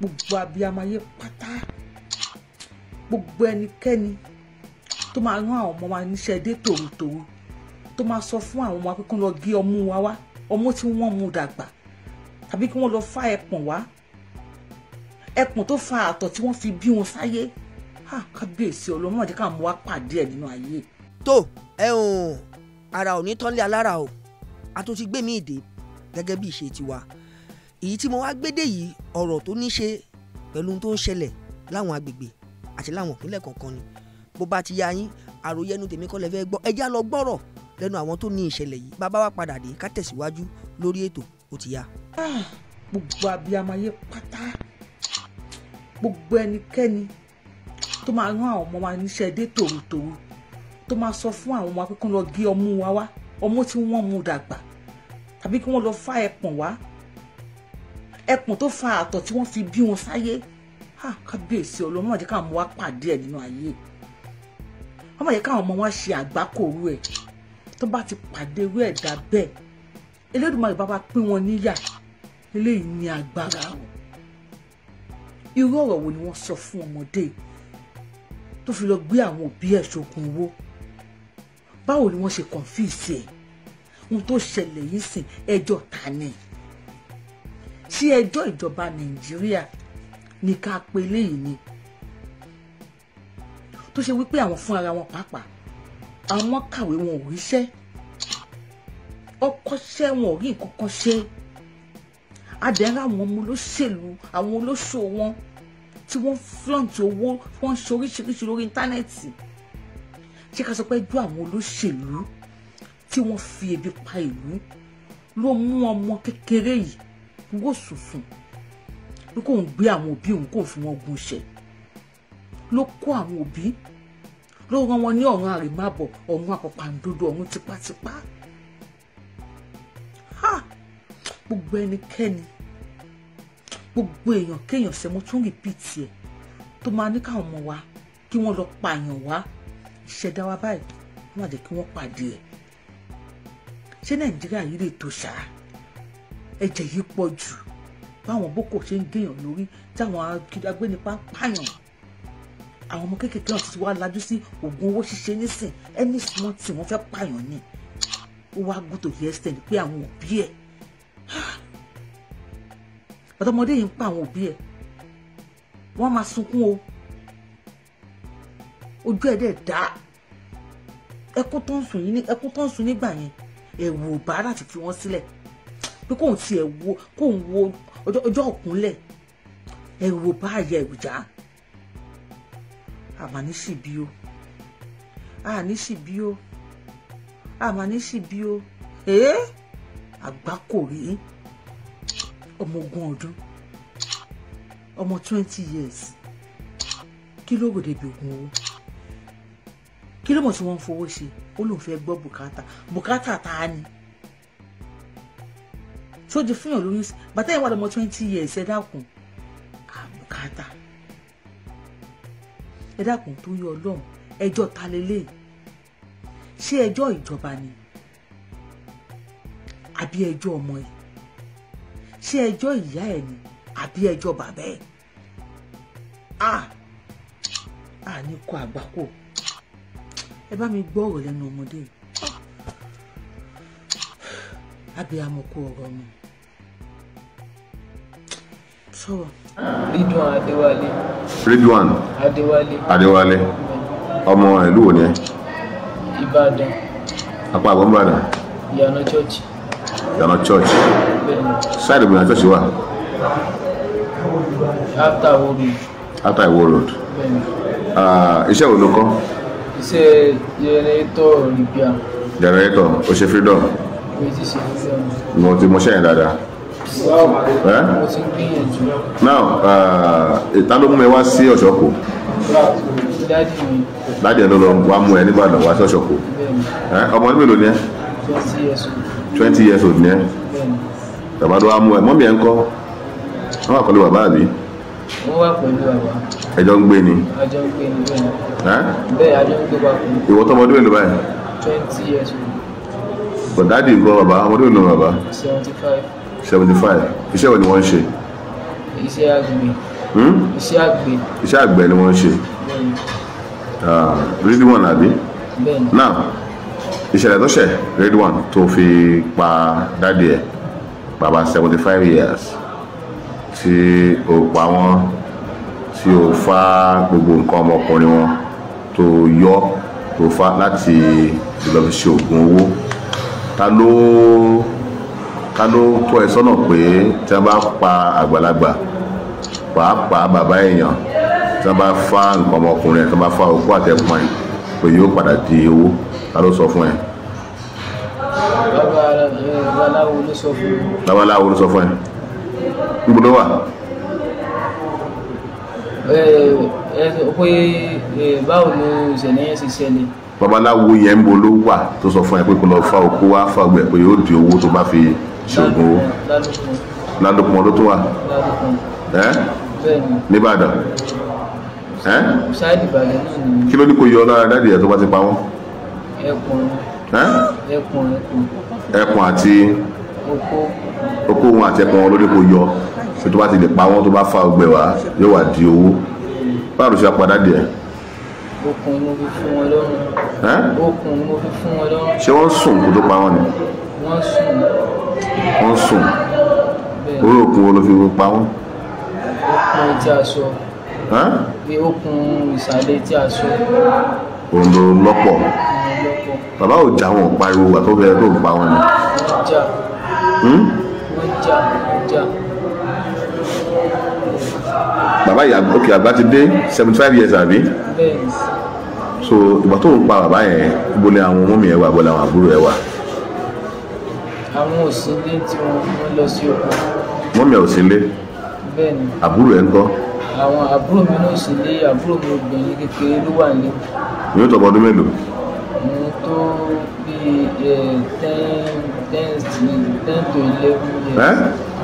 gbogbo abiyamayé pata, gbogbo ẹnikẹ́ni tó máa rán àwọn ọmọ wa níṣẹ́ dé tòrótòró tó máa sọ fún àwọn ọmọ wa pé kí wọ́n lọ gé ọmú wa wá ọmú tí wọ́n mú dàgbà tàbí kí wọ́n lọ fa ẹpọ̀n wá ẹpọ̀n tó fa àtọ̀ tí wọ́n fi bí wọn sáyé kábíyèsí ọlọ́run má jẹ́ ká wa pàdé ẹ̀ nínú ayé. tó ẹ ò ara ò ní tán lé alára o a tún ti gbé mi ìdè gẹ́gẹ́ bí ìṣe tiwa èyí tí mo wá gbédè yìí ọ̀rọ̀ tó ní ṣe pẹ̀lú tó ń ṣẹlẹ̀ láwọn agbègbè àti láwọn ìpínlẹ̀ kọ̀ọ̀kan ni bó bá ti ya yín àròyé ẹnu tèmi kọ́ lẹ fẹ́ gbọ́ ẹjá lọ gbọ́rọ̀ lẹ́nu àwọn tó ní ìṣẹ̀lẹ̀ yìí bàbá wa padà dé ká tẹ̀síwájú lórí ètò ó ti ya. Ah, gbogbo abiyamayé pátá gbogbo ẹnikẹ́ni tó máa rán àwọn ọmọ wa níṣẹ́ dé tòrutòru tó máa sọ fún àwọn ọmọ wa pé kí wọ́n lọ gé ọmú wa wá ọmú tí wọ́n mú dàgbà tàbí kí wọ́n lọ fá ẹpọ̀n wá ẹkùn tó fa àtọ̀ tí wọ́n fi bí wọn sáyé kábíyèsí ọlọ́run má jẹ́ káwọn ọmọ wa pàdé ẹ̀ nínú ayé wọ́n má jẹ́ káwọn ọmọ wa ṣe àgbákòrú ẹ̀ tó bá ti pàdé irú ẹ̀dá bẹ́ẹ̀ Elédùmarè bá bá pín wọn níyà eléyìí ní agbára o irú ọ̀rọ̀ wo ni wọ́n sọ fún ọmọdé tó fi lọ gbé àwọn òbí ẹ̀ ṣokùn owó báwo ni wọ́n ṣe kàn fíìsì ẹ̀ ohun tó ṣẹlẹ̀ yìí sìn ẹjọ́ ta ni tí ẹjọ́ ìjọba nàìjíríà ní ká pe léyìí ni tó ṣe wípé àwọn fún ara wọn pàápàá àwọn kàwé wọn ò ríṣẹ́ ọkọ́ṣẹ́ wọn ò rí nǹkan kan ṣe adẹ́rẹ́ àwọn ọmọ olóṣèlú àwọn olóṣò wọn tí wọ́n flaunt owó wọ́n ṣe oríṣiríṣi lórí íńtánẹ́ẹ̀tì ṣé ká sọ pé ju àwọn olóṣèlú tí wọ́n fi ebi pa ìlú ló mú ọmọ kékeré yìí n ó sùsùn bí kò ń gbé àwọn òbí òun kò fi wọn gun iṣẹ́ ló kó àwọn òbí ló rán wọn ní ọ̀run àrèmábọ̀ ọ̀run àpàpàǹdodo ọ̀run tipátipá gbogbo ẹnikẹ́ni gbogbo èèyàn kéèyàn ṣe mo tún rìpíìtì ẹ̀ tó máa ní káwọn ọmọ wa kí wọ́n lọ pààyàn wá ìṣẹ̀dá wa báyìí wọ́n á jẹ́ kí wọ́n pàdé ẹ̀ ṣé nàìjíríà yìí lè tó ṣáá ẹ̀jẹ̀ yìí pọ̀ jù báwọn boko ṣe ń gèèyàn lórí táwọn agbénipa ń pààyàn àwọn ọmọ kéékèèké náà ti wá lajú sí oògùn owó ṣíṣe nísìn ẹni wọn tí wọn fẹ́ pààyàn ni ó wá gùtò yẹsẹ̀ pé àwọn òbí ẹ̀ ọ̀dọ́mọdé yìí ń pa àwọn òbí ẹ̀ wọ́n máa sunkún o ojú ẹ̀ dẹ̀ dá ẹkún tó ń sùn nígbà yẹn ẹ̀wù ò bá láti fi wọ́n sílẹ̀ pé kóun tiẹ̀ wo kóun wo ọjọ́ òkúnlẹ̀ ẹ̀rù bá àyà ẹ̀rù já àmà ní sì bí o àní sì bí o àmà ní sì bí o ee àgbá kò rí ọmọ ogún ọdún ọmọ twenty years kí ló ròde bí ogún owó kí ló mọ̀ tí wọ́n ń fowó ṣe ó lóun fẹ́ gbọ́ bùkátà bùkátà ta ni ṣó ti fún yàn lóyún sí bàtà ìwà ọmọ twenty years ẹ dákun àbùkátà ẹ dákun tó yọ Ọlọ́run ẹjọ́ ta lélẹ̀ ṣé ẹjọ́ ìjọba ni àbí ẹjọ́ ọmọ ẹ ṣé ẹjọ́ ìyá ẹ ni àbí ẹjọ́ bàbá ẹ a a àgbákò ẹ bá mi gbọ́ ọ̀rọ̀ lẹ́nu ọmọdé yìí abiyamọ kú ọ̀rọ̀ ni sọ̀rọ̀. Ridwan Adewale. Ridwan Adéwálé. Adéwálé ọmọ ìlú wo ni ẹ. Ìbàdàn. apá àgbọn bàdàn. ìyànà church. ìyànà church. sáìdì ìgbìyànjú church wà. after iwo road. after iwo road. iṣẹ́ wo ló kọ́. iṣẹ́ jẹrẹtọ̀ rìbíà. jẹrẹtọ̀ o ṣe freedom não ti mo ṣẹ́yìn dáadáa now uh, ìta ló mú mi wá sí ọ̀ṣọ́kù láti ẹ̀ ló lọ wá mú ẹ nígbàdàn wá choco ọ̀ṣọ́kù ọmọ ọdún mélòó ni ẹ twenty years old ni ẹ bàbá ló wá mú ẹ mọ́mí ẹ ń kọ́ wọ́n wà pẹ̀lú bàbá àbí wọ́n wà pẹ̀lú bàbá ẹjọ́ ń gbé ni ẹjọ́ ń gbé ni bẹ́ẹ̀ ni bẹ́ẹ̀ ajọ́ ń gbé papọ̀ ìwọ tọmọdún mélòó báyìí twenty years old but dáàdi nǹkan bàbá ọmọdé ònà bàbá. seventy five. seventy five iṣẹ́ wo ni wọ́n ń ṣe. iṣẹ́ àgbẹ̀. Hmm? iṣẹ́ àgbẹ̀. iṣẹ́ àgbẹ̀ ni wọ́n ń ṣe. grade ah, one àbí. bẹ́ẹ̀ni. now ìṣẹ̀lẹ̀ tó ṣẹ̀ grade one tó fi pa dáàdi ẹ̀ bàbá seventy five years tí o pa wọ́n tí o fa gbogbo nǹkan ọmọkùnrin wọn tó yọ tó fa láti lọ oògùn owó ta ló ta ló tọ́ ẹ sọ́nà pé tí wọ́n bá pa àgbàlagbà pàápàá bàbá èèyàn tí wọ́n bá fa nǹkan ọmọkùnrin ẹ̀ tí wọ́n bá fa òkú àtẹ̀pọ̀n ẹ̀ pé yóò padà di owó ta ló sọ fún ẹ. babaláwo ló sọ fún ẹ. babaláwo ló sọ ẹ. pé báwo ló ṣẹlẹ̀ yẹn ṣe ṣẹlẹ̀ babaláwo yẹn ń bo ló wà tó sọ fún ẹ pé kó lọ fa òkú wá fàgbẹ pé yóò di owó tó bá fi ṣògùn owó ládùkún ọdún tó wà ẹ nìbàdàn ẹ kí ló ní kò yọ ọ lára dáàdì ẹ tó bá ti pa wọn. ẹkùn àti okó wọn àti ẹkùn wọn ló ní kò yọ tó bá ti lè pa wọn tó bá fa ọgbẹ wá yóò wá di owó báwo ló ṣe apá dáàdì okùn mo fi fún wọn lọ́rùn. okùn mo fi fún wọn lọ́rùn. ṣé wọ́n sùn kó tó pa wọ́n ni. wọ́n sùn. wọ́n sùn. orí okùn wo ló fi pa wọ́n. okùn tí a sọ. bí okùn ìsàlẹ̀ tí a sọ. òun ló lọ́pọ̀. bàbá ò já wọn pariwo àtọ́fẹ́ tó ń pa wọn ni. Hm? wọ́n jà. wọ́n jà wọ́n jà bàbá yìí ok àgbà ti dé seventy five years àbí so ìgbà tó ń pa bàbá yẹn ibo ni àwọn ọmọ mi yẹn wà bọ́lá àwọn àbúrò yẹn wà. àwọn òsínlé tí wọn lọ sí oko. wọn mi ò sínlé. bẹ́ẹ̀ni àbúrò yẹn ń kọ́. àwọn àbúrò mi náà sínlé àbúrò mi obìnrin kékeré ló wà ní. yóò tọ́ ọdún mélòó. mo tó bíi eh, ten ten ten to eleven years.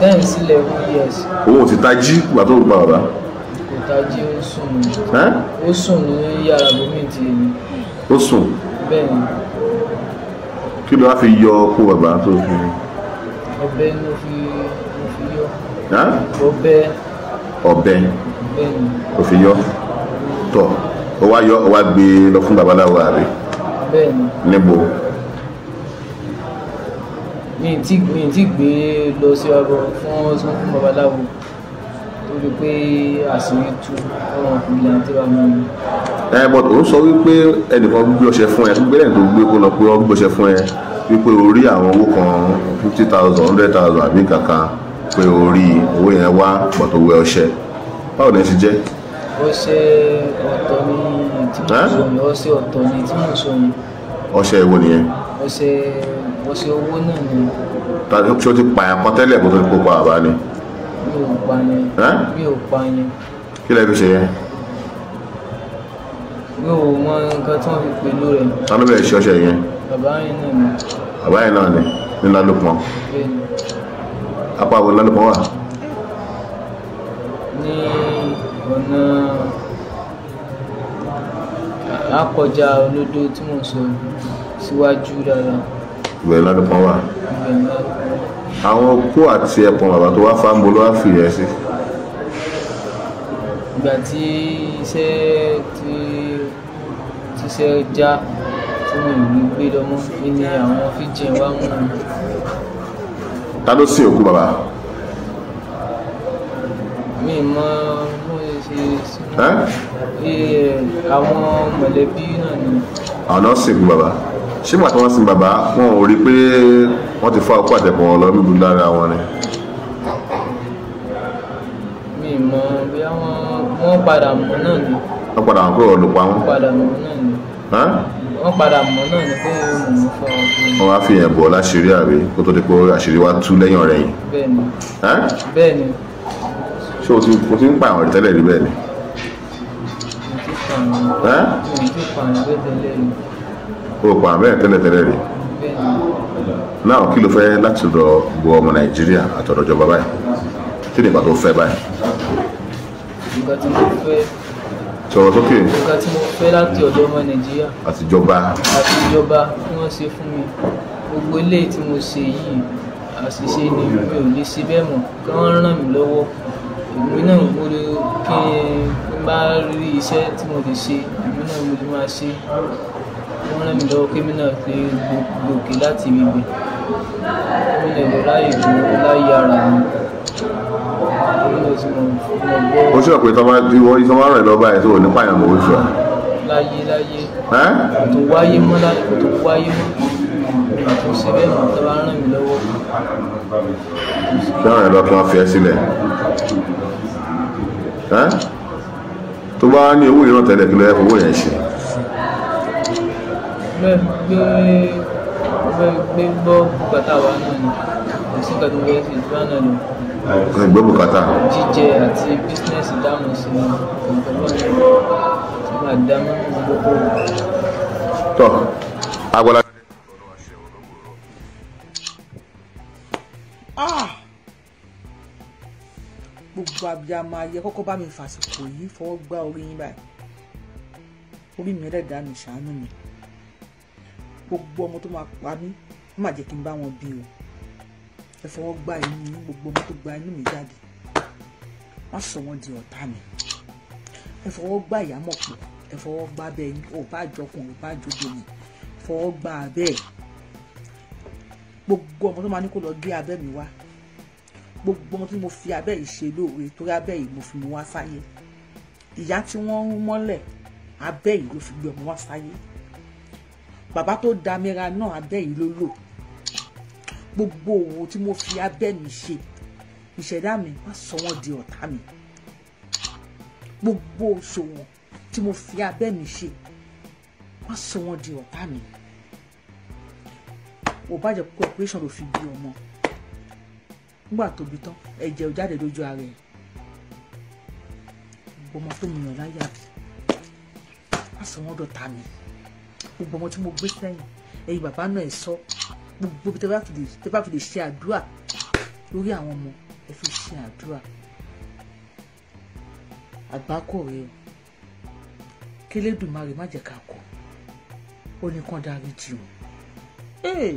ten to eleven years. owó ti tají ìgbà tó ń pa bàbá tají ó sùn ó sùn ní yàrá bómi ti ní. ó sùn. bẹ́ẹ̀ ni. kí ló wá fi yọ ọkọ bàbá tó fi. ọ̀bẹ ni mo fi mo fi yọ. ọ̀bẹ. ọ̀bẹ. bẹ́ẹ̀ o fi yọ tọ o wa yọ o wa gbé e lọ fún babaláwo àrè. bẹ́ẹ̀ ni. níbo mi ti mi ti gbé e lọ sí ọ̀dọ̀ fún fún babaláwo rí pé àṣírí tú ọ̀rọ̀ ìgbìyà tí wà mú mi. ẹ bọ̀ tó ń sọ wípé ẹnìkan gbé ọṣẹ fún ẹ gbé lẹ́yìn tó gbé kó lọ pé wọ́n gbé ọṣẹ fún ẹ wípé o rí àwọn owó kan fifty thousand hundred thousand àbí kankan pé o rí owó yẹn wá pọ̀ tó wẹ ọṣẹ báwo ni ẹ ṣe jẹ́. ọṣẹ ọ̀tọ̀ ni tí mo sọ yẹn ọṣẹ ọ̀tọ̀ ni tí mo sọ yẹn. ọṣẹ ìwo nìyẹn. ọṣẹ ọṣẹ owó náà ni. ṣé o ti pààyàn kan tẹ́lẹ̀ kó tó kó pa àbá ni mi ò pa yẹn. kí lẹ́ẹ̀ fi ṣe yẹn. mi ò mọ nǹkan tí wọ́n fi pè lóore. ta ló bẹ̀rẹ̀ ṣọ́ọ̀ṣẹ̀ yẹn. bàbá yẹn náà ni. bàbá yẹn náà ni ní lálùpọ̀. apá àwọn lálùpọ̀ wà. ní ọ̀nà akọjá olódó tí mo sọ síwájú dára. ìwé lálùpọ̀ wà. ìwé lálùpọ̀ àwọn okó àti ẹ̀pọ̀n bàbá tó wá fáńbó ló wá fìyẹ́ sí. ìgbà tí iṣẹ́ tí ṣiṣẹ́ já tí mo ní gbé lọ́mọ́ ní àwọn fíjìn wá mú un. ta ló sin òkú bàbá. mi mọ bó ṣe ṣe. Eh, àwọn mọ̀lẹ́bí náà ni. àwọn náà sìnkú bàbá ṣé màá tí wọ́n sin bàbá wọn ò rí pé wọ́n ti fọ́ ọkọ̀ àtẹ̀pọ̀ wọn lọ lùlù lára wọn ni. mi mọ bí wọ́n padà mọ̀ náà ni. wọ́n padà mọ̀ pé wọ́n lò pa wọn. wọ́n padà mọ̀ náà ni. wọ́n padà mọ̀ náà ni pé mo fọ́ ọkọ̀. wọ́n á fi yẹn bọ̀ láṣìírí àbí kó tó di pé àṣírí wa tú lẹ́yìn ọ̀rẹ́ yìí. bẹ́ẹ̀ni. bẹ́ẹ̀ni. ṣé o ti ń pa àwọn ìtẹ́lẹ̀ rí bẹ́ẹ̀ ni. mo ti pa àwọn ìtẹ́lẹ̀ rí o pa bẹ́ẹ̀ tẹ́lẹ̀tẹ́lẹ̀ rè náà kí ló fẹ́ láti rọ gbogbo ọmọ nàìjíríà àtọ̀dọ̀ ìjọba báyìí kí ni nǹkan tó fẹ́ báyìí. nǹkan tí mo fẹ́ sọ̀rọ̀ sókè. nǹkan tí mo fẹ́ láti ọ̀dọ̀ ọmọ nàìjíríà. àtijọba. àtijọba tí wọ́n ṣe fún mi gbogbo ilé tí mo ṣe yìí àṣìṣe ni mi ò lè ṣe bẹ́ẹ̀ mọ̀ kí wọ́n ràn mí lọ́wọ́ èmi náà mo lè kí n bá rí iṣẹ́ tí mo lè ṣe èmi náà mo lè máa ṣe wọ́n ràn mí lọ́wọ́ kémínà tí gòkè láti ibibẹ̀ kémínà lọ láyè dúró láyè ara mi ó ṣe ọ̀pẹ tọ́ba tí wọ́n ìṣọ́ márùn-ún lọ́ba ẹ̀ tó nípa ìyàmọ̀ oṣù à. láyé láyé tó wáyé mọ́ láyé tó wáyé mọ́ kò sí bẹ́ẹ̀ mọ́ tọ́ba ràn mí lọ́wọ́. kí wọ́n rìn lọ kí wọ́n fi ẹ́ sílẹ̀ tó bá ní owó ìran tẹ́lẹ̀ kí lọ́ọ́ owó yẹn ṣe bẹ́ẹ̀ gbé bẹ́ẹ̀ gbé gbọ́ bùkátà wa náà ni kò sí nǹkan tó bẹ́ẹ̀ sì ìdúrà náà ni. ẹ gbé bùkátà. jíjẹ àti bísínẹ́sì dáhùn sí i nǹkan náà ni wọ́n máa dá mọ́ gbogbo. tọ́ agbọ́dá. gbogbo abiyamọ ayé kọ́kọ́ bá mi fàsìkò yìí fọwọ́ gbá gbogbo ọmọ tó máa pa mí ó má jẹ́ kí n bá wọn bí o ẹ fọwọ́ gba inú mi gbogbo ọmọ tó gba inú mi jáde má sọ wọn di ọ̀tá mi ẹ fọwọ́ gba ìyámọ̀ pọ̀ ẹ fọwọ́ gba abẹ́ yín ò bá jọkùnrin ò bá jọbìnrin fọwọ́ gba abẹ́ gbogbo ọmọ tó máa ní kó lọ gbé abẹ́ mi wá gbogbo ọmọ tí mo fi abẹ́ yìí ṣe lóore torí abẹ́ yìí mo fi mu wá sáyé ìyá tí wọ́n ń mọ́lẹ̀ abẹ́ yìí ló fi gbé ọmọ wá sáyé bàbá tó damira náà abẹ́ yìí ló lò gbogbo òwò tí mo fi abẹ́ mi ṣe ìṣẹ̀dá mi má sọ wọ́n di ọ̀tá mi gbogbo òṣòwò tí mo fi abẹ́ mi ṣe má sọ wọ́n di ọ̀tá mi ò bá jẹ́ pé operation ló fi bí ọmọ nígbà tó tán ẹ̀jẹ̀ ò jáde lójú ara ẹ̀ ọmọ tó mìíràn láyà má sọ wọ́n dọ̀tá mi gbogbo ọmọ tí mo gbé sẹ́yìn ẹ̀yin bàbá náà ẹ̀ sọ gbogbo tẹ bá fi lè tẹ bá fi lè ṣe àdúrà lórí àwọn ọmọ ẹ fi ṣe àdúrà àgbákò rẹ o kélédùmarè má jẹ́ ká kọ̀ ó ní kàn dáríjì o. Hey.